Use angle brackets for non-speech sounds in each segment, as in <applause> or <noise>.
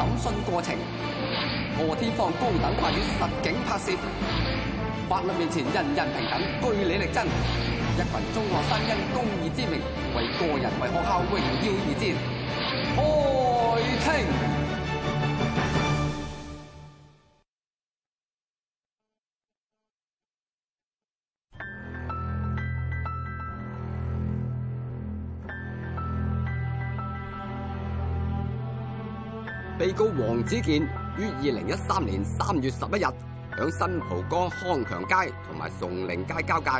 審訊過程，何天放高等法院實景拍攝。法律面前人人平等，據理力爭。一群中學生因公義之名為個人、為學校榮耀而戰。開庭。告王子健於二零一三年三月十一日喺新蒲崗康強街同埋崇齡街交界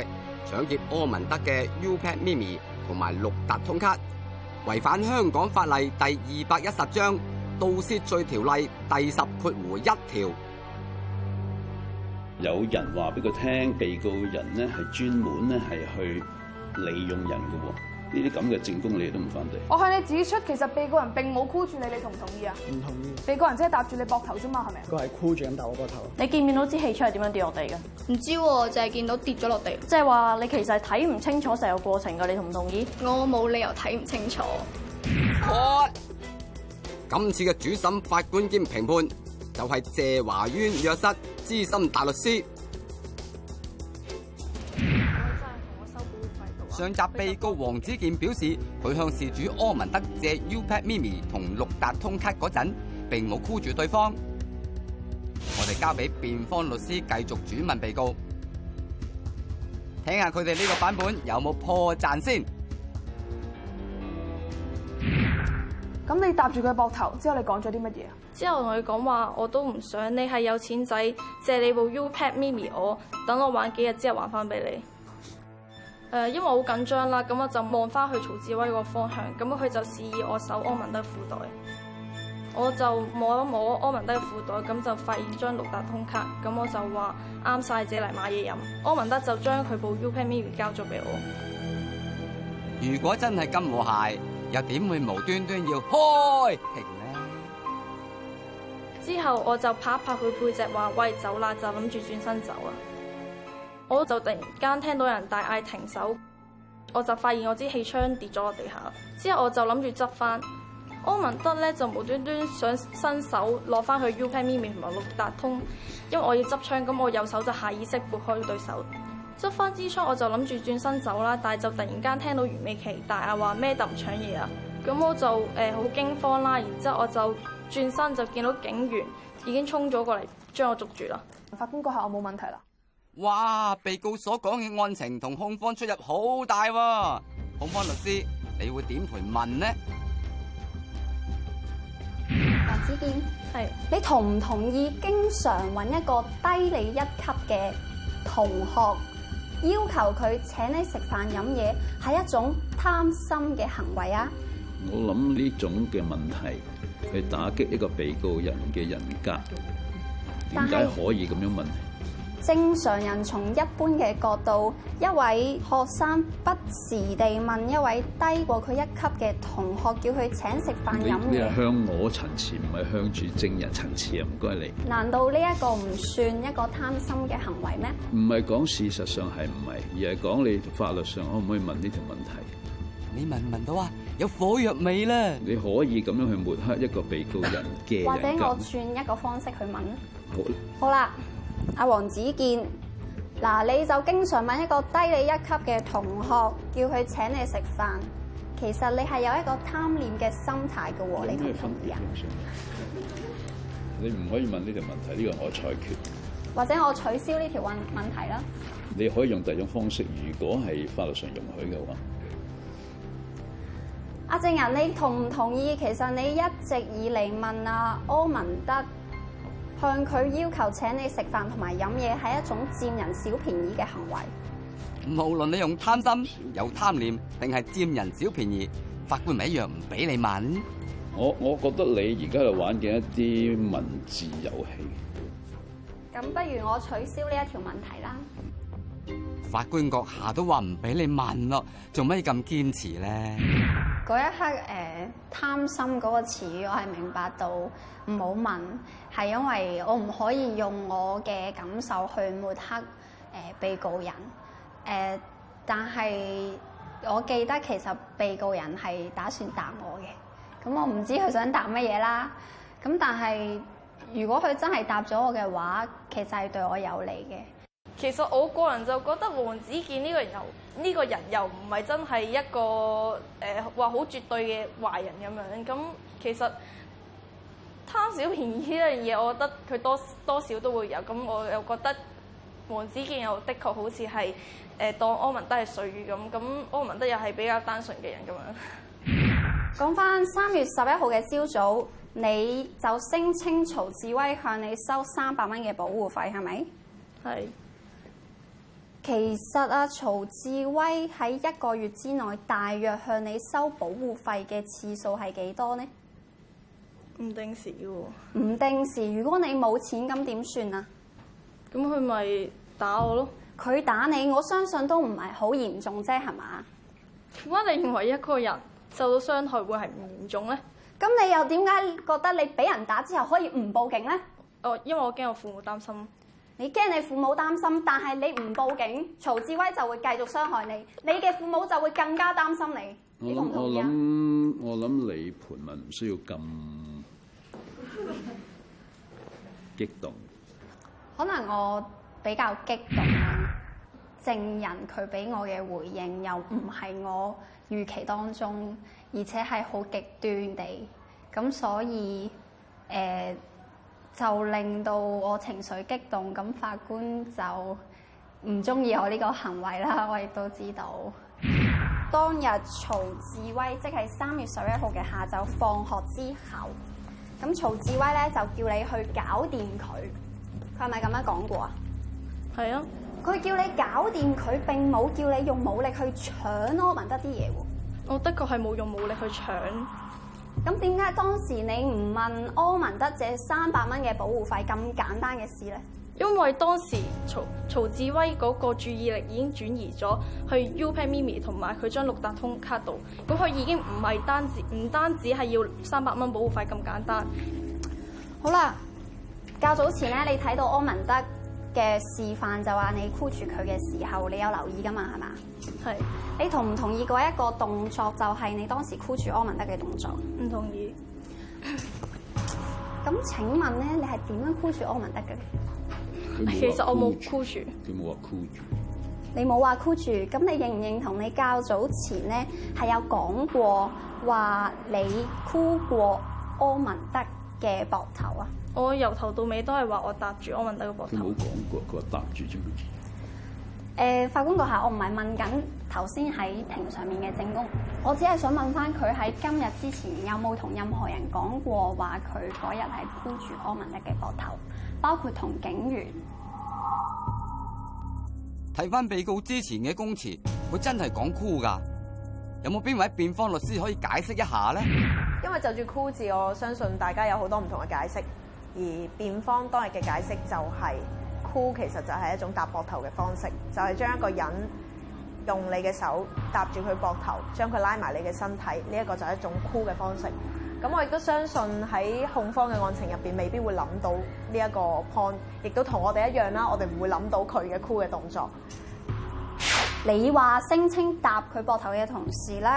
搶劫柯文德嘅 Upad Mini 同埋六達通卡，違反香港法例第二百一十章盜竊罪條例第十括弧一條。有人話俾佢聽，被告人呢係專門呢係去利用人嘅喎。呢啲咁嘅證供你都唔反對？我向你指出，其實被告人並冇箍住你，你同唔同意啊？唔同意。被告人即係搭住你膊頭啫嘛，係咪？佢係箍住咁搭我膊頭。你見唔見到支氣槍係點樣跌落地嘅？唔知喎，淨係見到跌咗落地。即係話你其實係睇唔清楚成個過程㗎，你同唔同意？我冇理由睇唔清楚。今次嘅主審法官兼評判就係謝華淵若瑟資深大律師。上集被告王子健表示，佢向事主柯文德借 Upad Mini 同六達通卡嗰陣，並冇箍住對方。我哋交俾辯方律師繼續主問被告，聽下佢哋呢個版本有冇破綻先。咁你搭住佢膊頭之後，你講咗啲乜嘢啊？之後同佢講話，我都唔想，你係有錢仔，借你部 Upad Mini，我等我玩幾日之後還翻俾你。誒，因為好緊張啦，咁我就望翻去曹志威個方向，咁佢就示意我搜柯文德褲袋，我就摸一摸柯文德嘅褲袋，咁就發現張六達通卡，咁我就話啱晒，借嚟買嘢飲，柯文德就將佢部 Upad Mini 交咗俾我。如果真係咁和諧，又點會無端端要開庭呢？之後我就拍一拍佢背脊，話，喂，走啦，就諗住轉身走啊！我就突然間聽到人大嗌停手，我就發現我支氣槍跌咗我地下。之後我就諗住執翻，柯文德咧就無端端想伸手攞翻去 Upad Mini 同埋六達通，因為我要執槍，咁我右手就下意識撥開對手，執翻支槍我就諗住轉身走啦。但係就突然間聽到袁美琪大嗌話咩唔搶嘢啊，咁我就好、呃、驚慌啦。然之後我就轉身就見到警員已經衝咗過嚟將我捉住啦。法官閣下，我冇問題啦。哇！被告所講嘅案情同控方出入好大，啊，控方律師你會點去問呢？王子健係你同唔同意經常搵一個低你一級嘅同學，要求佢請你食飯飲嘢，係一種貪心嘅行為啊？我諗呢種嘅問題，去打擊一個被告人嘅人格，點解可以咁樣問？正常人從一般嘅角度，一位學生不時地問一位低過佢一級嘅同學，叫佢請食飯飲嘢。你向我陳詞，唔係向住證人陳詞啊！唔該你。難道呢一個唔算一個貪心嘅行為咩？唔係講事實上係唔係，而係講你法律上可唔可以問呢條問題？你聞唔聞到啊？有火藥味呢，你可以咁樣去抹黑一個被告人嘅，或者我轉一個方式去問。好，好啦。好。阿王子健，嗱，你就經常問一個低你一級嘅同學，叫佢請你食飯。其實你係有一個貪念嘅心態嘅，你同唔同分啊？你唔可以問呢條問題，呢個我裁決。或者我取消呢條問問題啦。你可以用第二種方式，如果係法律上容許嘅話。阿正人，你同唔同意？其實你一直以嚟問阿、啊、柯文德。向佢要求請你食飯同埋飲嘢係一種佔人小便宜嘅行為。無論你用貪心、有貪念定係佔人小便宜，法官咪一樣唔俾你問？我我覺得你而家係玩嘅一啲文字遊戲。咁不如我取消呢一條問題啦。法官閣下都話唔俾你問咯，做乜咁堅持咧？嗰一刻，誒、呃，貪心嗰個詞語我係明白到，唔好問係因為我唔可以用我嘅感受去抹黑誒、呃、被告人。誒、呃，但係我記得其實被告人係打算答我嘅，咁我唔知佢想答乜嘢啦。咁但係如果佢真係答咗我嘅話，其實係對我有利嘅。其實我個人就覺得王子健呢個人又呢、這個人又唔係真係一個誒話好絕對嘅壞人咁樣咁、嗯。其實貪小便宜呢樣嘢，我覺得佢多多少都會有。咁、嗯、我又覺得王子健又的確好似係誒當柯文德係水魚咁。咁、嗯、柯文德又係比較單純嘅人咁樣。講翻三月十一號嘅朝早，你就聲稱曹志威向你收三百蚊嘅保護費，係咪？係。其實啊，曹志威喺一個月之內大約向你收保護費嘅次數係幾多呢？唔定時喎。唔定時，如果你冇錢咁點算啊？咁佢咪打我咯？佢打你，我相信都唔係好嚴重啫，係嘛？點解你認為一個人受到傷害會係唔嚴重呢？咁你又點解覺得你俾人打之後可以唔報警呢？哦，因為我驚我父母擔心。你驚你父母擔心，但係你唔報警，曹志威就會繼續傷害你，你嘅父母就會更加擔心你。你同唔同意？我諗我諗我諗你盤問唔需要咁激動。 <laughs> 可能我比較激動，證人佢俾我嘅回應又唔係我預期當中，而且係好極端地，咁所以誒。呃就令到我情緒激動，咁法官就唔中意我呢個行為啦。我亦都知道，當日曹志威即係三月十一號嘅下晝放學之後，咁曹志威咧就叫你去搞掂佢，佢係咪咁樣講過啊？係啊，佢叫你搞掂佢，並冇叫你用武力去搶柯文德啲嘢喎。我的確係冇用武力去搶。咁點解當時你唔問柯文德借三百蚊嘅保護費咁簡單嘅事咧？因為當時曹曹志威嗰個注意力已經轉移咗去 Upad Mini 同埋佢張六達通卡度，咁佢已經唔係單止，唔單止係要三百蚊保護費咁簡單。好啦，較早前咧，你睇到柯文德嘅示範就話你箍住佢嘅時候，你有留意噶嘛？係嘛？係。你同唔同意嗰一個動作就係、是、你當時箍住柯文德嘅動作？唔同意。咁請問咧，你係點樣箍住柯文德嘅？其實我冇箍住。佢冇話箍住。你冇話箍住，咁你，你，你認唔認同你較早前咧係有講過話你箍過柯文德嘅膊頭啊？我由頭到尾都係話我搭住柯文德嘅膊頭。佢冇講過，佢話搭住啫。誒、呃，法官閣下，我唔係問緊頭先喺庭上面嘅證供，我只係想問翻佢喺今日之前有冇同任何人講過話佢嗰日係箍住柯文德嘅膊頭，包括同警員。睇翻被告之前嘅供詞，佢真係講箍㗎。有冇邊位辯方律師可以解釋一下咧？因為就住箍字，我相信大家有好多唔同嘅解釋。而辯方當日嘅解釋就係、是、箍其實就係一種搭膊頭嘅方式，就係、是、將一個人用你嘅手搭住佢膊頭，將佢拉埋你嘅身體，呢、這、一個就係一種箍嘅方式。咁我亦都相信喺控方嘅案情入邊，未必會諗到呢一個 point，亦都同我哋一樣啦，我哋唔會諗到佢嘅箍嘅動作。你話聲稱搭佢膊頭嘅同事咧？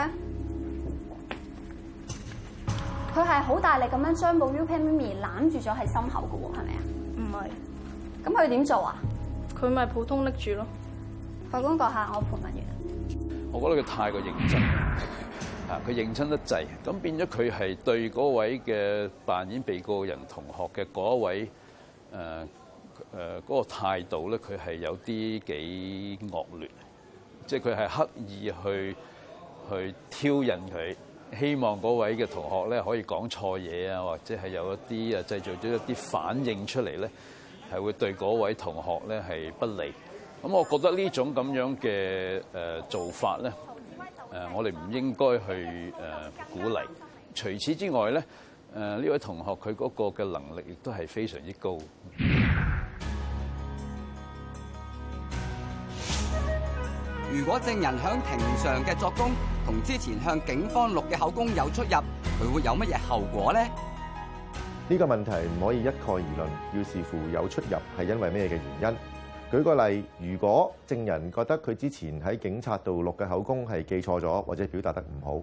佢係好大力咁樣將部 Upad Mini 攬住咗喺心口嘅喎，係咪啊？唔係，咁佢點做啊？佢咪普通拎住咯。法官閣下，我盤乜嘢？我覺得佢太過認真啊！佢認真得滯，咁變咗佢係對嗰位嘅扮演被告人同學嘅嗰位誒誒嗰個態度咧，佢係有啲幾惡劣，即係佢係刻意去去挑釁佢。希望嗰位嘅同學咧可以講錯嘢啊，或者係有一啲啊製造咗一啲反應出嚟咧，係會對嗰位同學咧係不利。咁我覺得呢種咁樣嘅誒做法咧，誒我哋唔應該去誒鼓勵。除此之外咧，誒呢位同學佢嗰個嘅能力亦都係非常之高。如果證人響庭上嘅作供同之前向警方錄嘅口供有出入，佢會有乜嘢後果呢？呢個問題唔可以一概而論，要視乎有出入係因為咩嘅原因。舉個例，如果證人覺得佢之前喺警察度錄嘅口供係記錯咗，或者表達得唔好，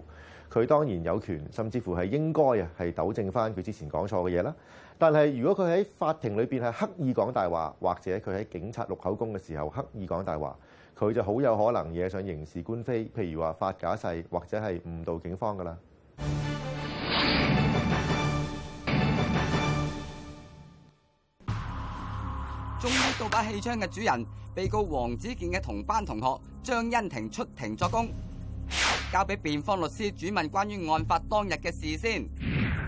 佢當然有權，甚至乎係應該啊，係糾正翻佢之前講錯嘅嘢啦。但係如果佢喺法庭裏邊係刻意講大話，或者佢喺警察錄口供嘅時候刻意講大話。佢就好有可能惹上刑事官非，譬如話發假誓或者係誤導警方噶啦。終於到把氣槍嘅主人被告王子健嘅同班同學張欣婷出庭作供，交俾辯方律師主問關於案發當日嘅事先。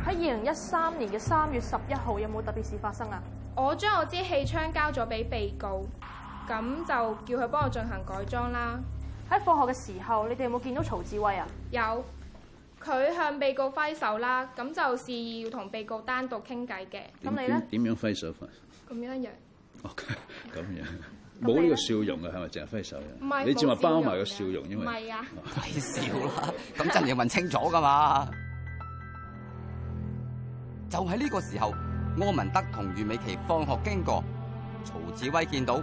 喺二零一三年嘅三月十一號有冇特別事發生啊？我將我支氣槍交咗俾被告。咁就叫佢幫我進行改裝啦。喺放學嘅時候，你哋有冇見到曹志威啊？有，佢向被告揮手啦，咁就示意要同被告單獨傾偈嘅。咁你咧？點樣揮手法？咁樣樣。哦、okay，咁樣冇呢個笑容嘅係咪？淨係揮手啊？唔係，你仲話包埋個笑容，是是笑容因為唔係啊，咪笑啦。咁真係要問清楚噶嘛？ <laughs> 就喺呢個時候，柯文德同余美琪放學經過，曹志威見到。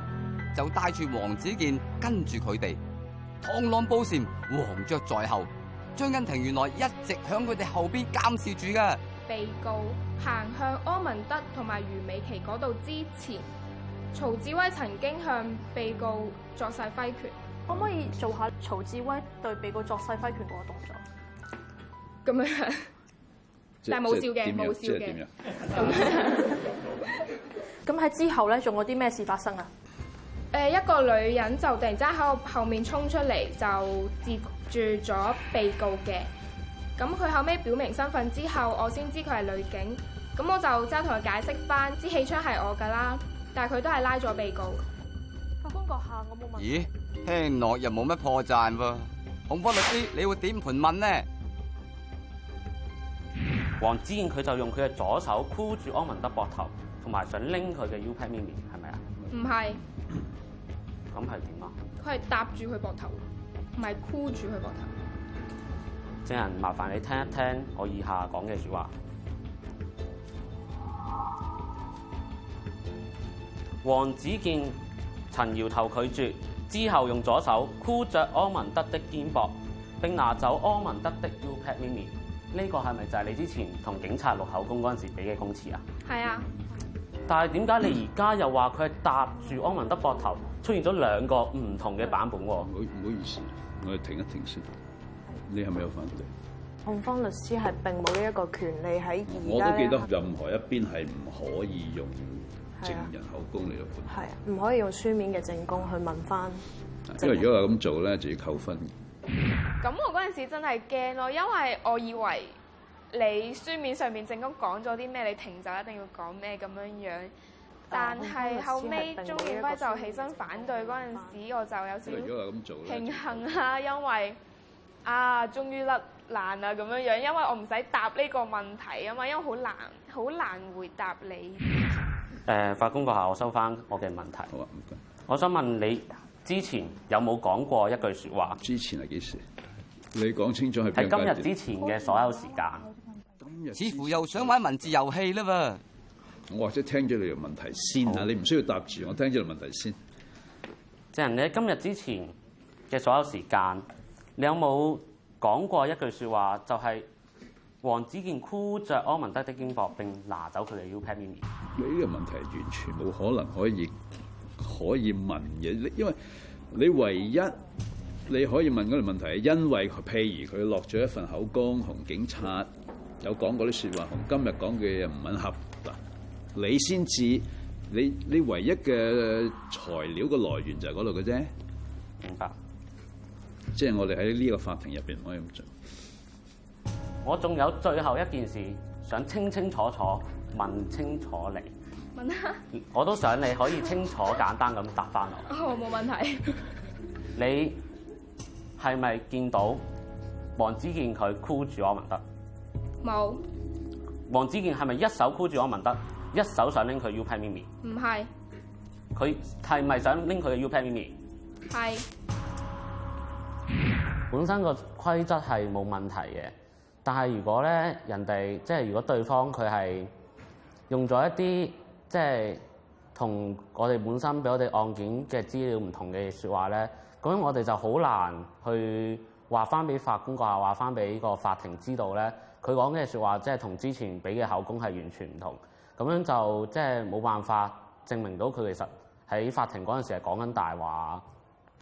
就帶住王子健跟住佢哋螳螂捕蟬，黃雀在後。張恩婷原來一直響佢哋後邊監視住嘅。被告行向柯文德同埋余美琪嗰度之前，曹志威曾經向被告作勢揮拳，可唔可以做下曹志威對被告作勢揮拳嗰個動作？咁樣， <laughs> 但係冇笑嘅，冇笑嘅。咁喺之後咧，仲有啲咩事發生啊？誒，一個女人就突然之間喺我後面衝出嚟，就截住咗被告嘅。咁佢後尾表明身份之後，我先知佢係女警。咁我就即係同佢解釋翻，支氣槍係我㗎啦。但係佢都係拉咗被告。法官閣下，我冇問。咦？聽落又冇乜破綻喎，控方律師，你會點盤問呢？王子健，佢就用佢嘅左手箍住柯文德膊頭，同埋想拎佢嘅 Upad Mini 係咪啊？唔係。咁係點啊？佢係搭住佢膊頭，唔係箍住佢膊頭。證人，麻煩你聽一聽我以下講嘅説話。王子健陳搖頭拒絕之後，用左手箍着柯文德的肩膊，並拿走柯文德的 Upad Mini。呢、這個係咪就係你之前同警察錄口供嗰陣時俾嘅供詞啊？係啊。但係點解你而家又話佢係搭住柯文德膊頭出現咗兩個唔同嘅版本喎？唔好唔好意思，我哋停一停先。你係咪有反對？控方律師係並冇呢一個權利喺而家。我都記得任何一邊係唔可以用證人口供嚟到判。係啊。係啊，唔可以用書面嘅證供去問翻。因為如果係咁做咧，就要扣分嘅。咁我嗰陣時真係驚咯，因為我以為。你書面上面正公講咗啲咩？你停就一定要講咩咁樣樣。但係後尾，鐘宇輝就起身反對嗰陣時，我就有少做，平衡下，因為啊，終於甩難啦咁樣樣，因為我唔使答呢個問題啊嘛，因為好難好難回答你。誒、呃，法官閣下，我收翻我嘅問題、啊謝謝。我想問你之前有冇講過一句説話？之前係幾時？你講清楚係今日之前嘅所有時間。似乎又想玩文字遊戲啦噃！我或者聽咗你個問題先啊，你唔需要答住我，聽咗個問題先。證人，你喺今日之前嘅所有時間，你有冇講過一句説話，就係、是、王子健箍着柯文德的肩膊，並拿走佢嘅 Upad Mini？呢個問題完全冇可能可以可以問嘅。你因為你唯一你可以問嗰條問題係因為譬如佢落咗一份口供同警察。有講嗰啲説話同今日講嘅嘢唔吻合，嗱，你先至，你你唯一嘅材料嘅來源就係嗰度嘅啫。明白。即係我哋喺呢個法庭入邊可以咁做。我仲有最後一件事，想清清楚楚問清楚你。問我都想你可以清楚簡單咁答翻我。我冇問題。你係咪見到黃子健佢箍住我麥德？冇。王子健係咪一手箍住柯文德，一手想拎佢 Upad Mini？唔係。佢係咪想拎佢嘅 Upad Mini？係。本身個規則係冇問題嘅，但係如果咧，人哋即係如果對方佢係用咗一啲即係同我哋本身俾我哋案件嘅資料唔同嘅説話咧，咁我哋就好難去話翻俾法官啩話翻俾個法庭知道咧。佢講嘅説話，即係同之前俾嘅口供係完全唔同，咁樣就即係冇辦法證明到佢其實喺法庭嗰陣時係講緊大話，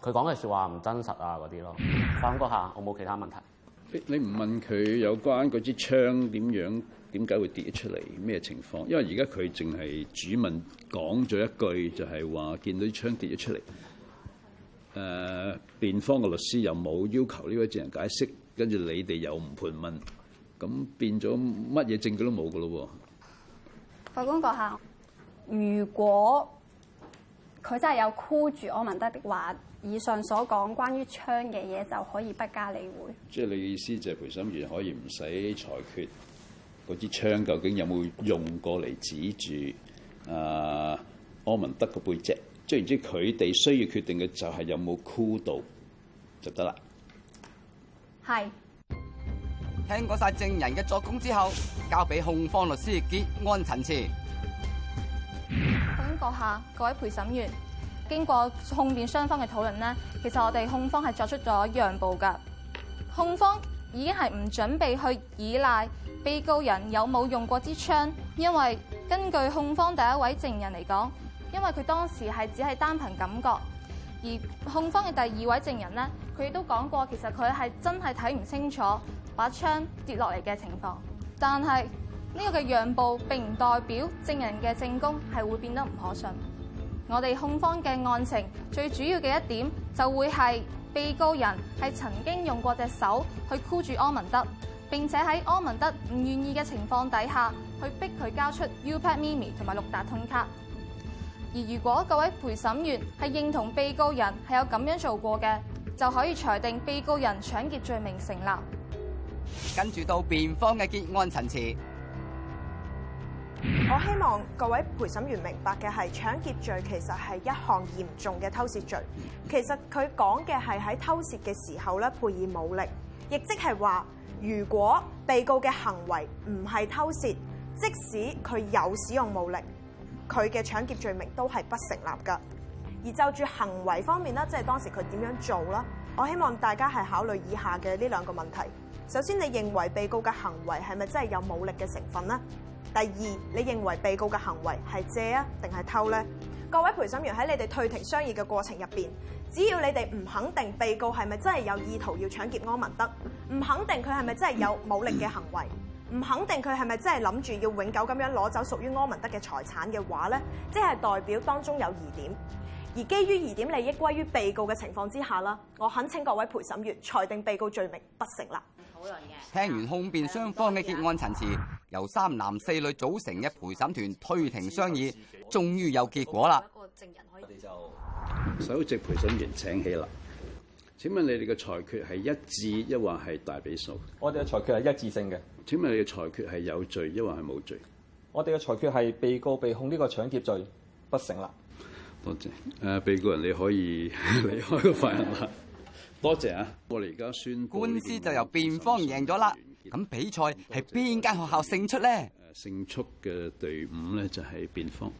佢講嘅説話唔真實啊嗰啲咯。法官閣下，我冇其他問題。你唔問佢有關嗰支槍點樣，點解會跌咗出嚟咩情況？因為而家佢淨係主問講咗一句就，就係話見到啲槍跌咗出嚟。誒、呃，辯方嘅律師又冇要求呢位證人解釋，跟住你哋又唔盤問。咁變咗乜嘢證據都冇㗎喇喎！法官閣下，如果佢真係有箍住柯文德嘅話，以上所講關於槍嘅嘢就可以不加理會。即係你嘅意思就係陪審員可以唔使裁決嗰支槍究竟有冇用過嚟指住啊柯文德個背脊，即最然之佢哋需要決定嘅就係有冇箍到就得啦。係。聽過晒證人嘅作供之後，交俾控方律師結案陳詞。等閣下，各位陪審員，經過控辯雙方嘅討論呢，其實我哋控方係作出咗讓步噶。控方已經係唔準備去依賴被告人有冇用過支槍，因為根據控方第一位證人嚟講，因為佢當時係只係單憑感覺，而控方嘅第二位證人呢。佢都講過，其實佢係真係睇唔清楚把槍跌落嚟嘅情況。但係呢個嘅讓步並唔代表證人嘅證供係會變得唔可信。我哋控方嘅案情最主要嘅一點就會係被告人係曾經用過隻手去箍住柯文德，並且喺柯文德唔願意嘅情況底下去逼佢交出 Upad Mini 同埋六達通卡。而如果各位陪審員係認同被告人係有咁樣做過嘅。就可以裁定被告人搶劫罪名成立。跟住到辯方嘅結案陳詞，我希望各位陪審員明白嘅係，搶劫罪其實係一項嚴重嘅偷竊罪。其實佢講嘅係喺偷竊嘅時候咧，配以武力，亦即係話，如果被告嘅行為唔係偷竊，即使佢有使用武力，佢嘅搶劫罪名都係不成立噶。而就住行為方面咧，即係當時佢點樣做啦？我希望大家係考慮以下嘅呢兩個問題。首先，你認為被告嘅行為係咪真係有武力嘅成分咧？第二，你認為被告嘅行為係借啊定係偷咧？各位陪審員喺你哋退庭商議嘅過程入邊，只要你哋唔肯定被告係咪真係有意圖要搶劫柯文德，唔肯定佢係咪真係有武力嘅行為，唔肯定佢係咪真係諗住要永久咁樣攞走屬於柯文德嘅財產嘅話咧，即係代表當中有疑點。而基於疑點利益歸於被告嘅情況之下啦，我肯請各位陪審員裁定被告罪名不成立。好人嘅。聽完控辯雙方嘅結案陳詞，由三男四女組成嘅陪審團退庭商議，終於有結果啦。一個證人可以。我哋就首席陪審員請起啦。請問你哋嘅裁決係一致，抑或係大比數？我哋嘅裁決係一致性嘅。請問你嘅裁決係有罪，抑或係冇罪？我哋嘅裁決係被告被控呢個搶劫罪不成立。多謝誒、啊，被告人你可以離 <laughs> 開個法庭啦，多謝，謝啊！我哋而家宣官司就由辯方贏咗啦，咁、那個、比賽係邊間學校勝出咧？誒、啊，勝出嘅隊伍咧就係、是、辯方。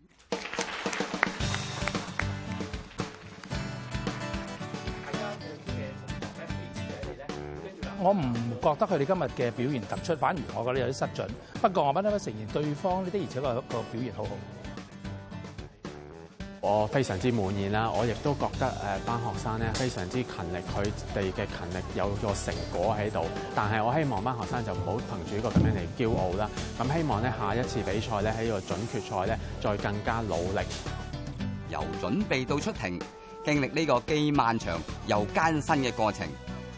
我唔覺得佢哋今日嘅表現突出，反而我覺得有啲失準。不過我不得不承認，對方呢的而且確個表現好好。我非常之滿意啦，我亦都覺得誒班學生咧非常之勤力，佢哋嘅勤力有個成果喺度。但係我希望班學生就唔好憑住呢個咁樣嚟驕傲啦。咁希望咧下一次比賽咧喺呢個準決賽咧再更加努力，由準備到出庭，經歷呢個既漫長又艱辛嘅過程。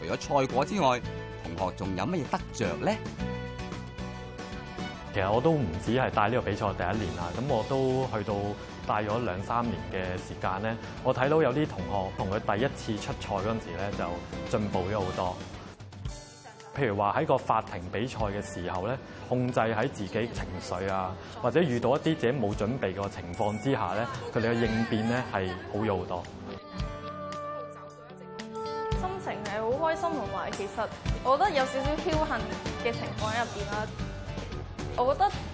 除咗賽果之外，同學仲有乜嘢得着咧？其實我都唔止係帶呢個比賽第一年啦，咁我都去到。帶咗兩三年嘅時間咧，我睇到有啲同學同佢第一次出賽嗰陣時咧，就進步咗好多。譬如話喺個法庭比賽嘅時候咧，控制喺自己情緒啊，或者遇到一啲自己冇準備嘅情況之下咧，佢哋嘅應變咧係好咗好多。心情係好開心同埋，其實我覺得有少少僥倖嘅情況喺入邊啦。我覺得。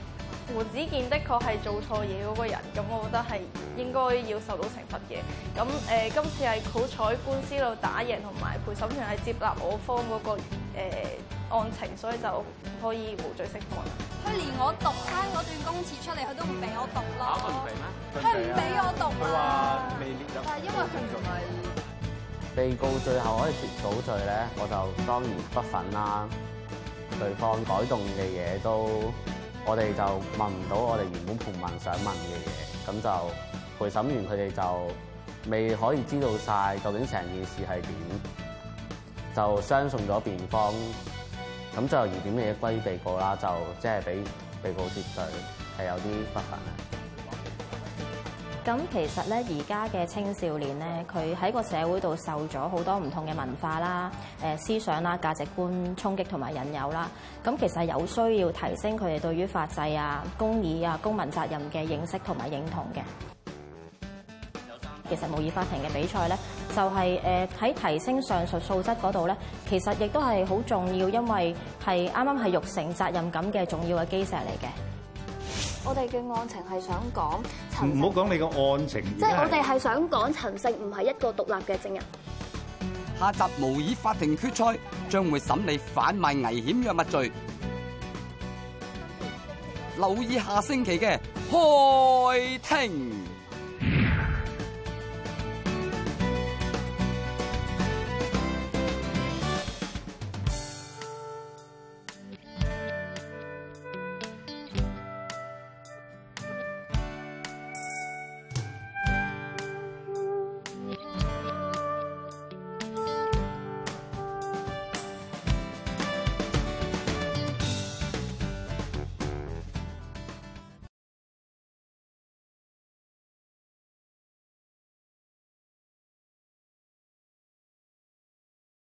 王子健的確係做錯嘢嗰個人，咁我覺得係應該要受到懲罰嘅。咁誒、呃，今次係好彩官司度打贏，同埋陪審團係接納我方嗰、那個、呃、案情，所以就可以無罪釋放。佢連我讀翻嗰段公詞出嚟，佢都唔俾我讀咯。佢唔俾我讀啦。佢話、啊、未列入。就係因為佢唔係被告，最後可以脫到罪咧，我就當然不忿啦。對方改動嘅嘢都。我哋就問唔到我哋原本盤問想問嘅嘢，咁就陪審員佢哋就未可以知道晒究竟成件事係點，就相信咗辯方，咁最後疑點嘅嘢歸於被告啦，就即係俾被告接罪，係有啲不幸。咁其實咧，而家嘅青少年咧，佢喺個社會度受咗好多唔同嘅文化啦、誒思想啦、價值觀衝擊同埋引誘啦。咁其實有需要提升佢哋對於法制啊、公義啊、公民責任嘅認識同埋認同嘅。其實模擬法庭嘅比賽咧，就係誒喺提升上述素質嗰度咧，其實亦都係好重要，因為係啱啱係育成責任感嘅重要嘅基石嚟嘅。我哋嘅案情係想講，唔唔好講你個案情。即係我哋係想講，陳姓唔係一個獨立嘅證人。下集模擬法庭決賽將會審理販賣危險藥物罪，留意下星期嘅開庭。